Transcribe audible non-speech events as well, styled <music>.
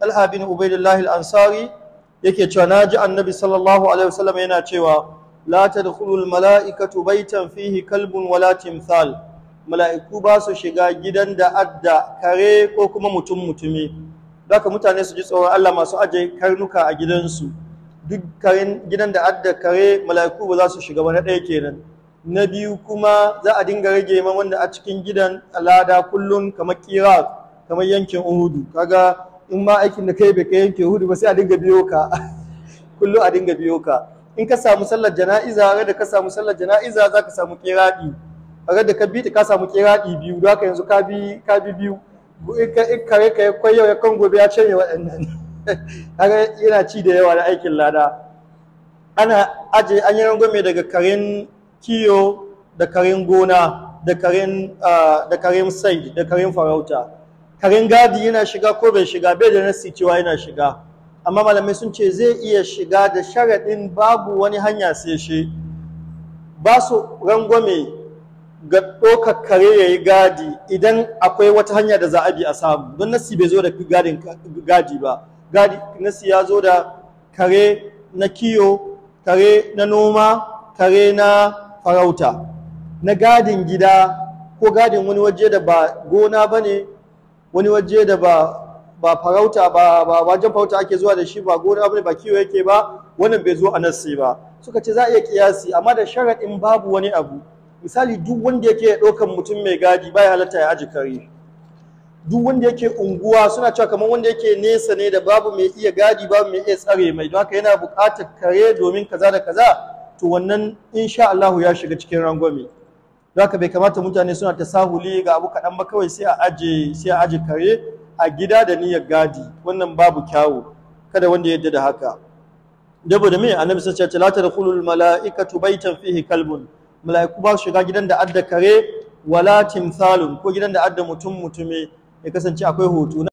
talha bin ubaidillah al-ansari yake cewa naji annabi sallallahu alaihi wasallam yana cewa la tadkhulul mala'ikatu baitan fihi kalbun wala timthal mala'iku ba su shiga gidan da adda kare ko kuma mutum mutumi haka mutane su ji tsoron Allah masu aje karnuka a gidansu duk karen gidan da adda kare mala'iku ba za su shiga ba na ɗaya kenan na biyu kuma za a dinga rage man wanda a cikin gidan alada kullun kamar kira kamar yankin uhudu kaga in ma aikin da kai bai kai yanke hudu ba sai a dinga biyo ka kullum a dinga biyo ka in ka samu sallar jana'iza ga da ka samu sallar jana'iza za ka samu kiradi ga da ka bi ta ka samu kiradi biyu da haka yanzu ka bi ka bi biyu in ka in kare ka ya koyo ya kan gobe ya canye waɗannan <laughs> kaga yana ci da yawa na aikin lada ana aje an yi rangwame daga karen kiyo da karen gona da karen ah, da karen sai da karen farauta karin gadi yana shiga ko bai shiga bai da nasi cewa yana shiga amma malamai sun ce zai iya shiga da sharaɗin babu wani hanya sai shi ba su rangwame ga ɗaukar kare ya yi gadi idan akwai wata hanya da za a bi a samu don nasi bai zo da gadin gadi ba gadi nasi ya zo da kare na kiyo kare na noma kare na farauta na gadin gida ko gadin wani waje da ba gona ba ne wani waje da ba ba farauta ba ba wajen farauta ake zuwa da shi ba gona bane ba kiwo yake ba wannan bai zo a sai ba suka ce za a iya kiyasi amma da sharaɗin babu wani abu misali duk wanda yake ɗaukan mutum mai gadi ya halatta ya aji kare duk wanda yake unguwa suna cewa kamar wanda yake nesa ne da babu mai iya gadi babu mai iya tsare mai don haka yana buƙatar kare domin kaza da kaza to wannan insha Allah ya shiga cikin rangwame zaka bai kamata mutane suna ta sahuli ga abu kaɗan ba kawai sai a aje sai a aje kare a gida da niyyar gadi wannan babu kyawu kada wanda ya yadda da haka dabo da me annabi sai ce la tadkhulul malaikatu baitan fihi kalbun mala'iku ba shiga gidan da adda kare wala timsalun ko gidan da adda mutum mutume ya kasance akwai hoto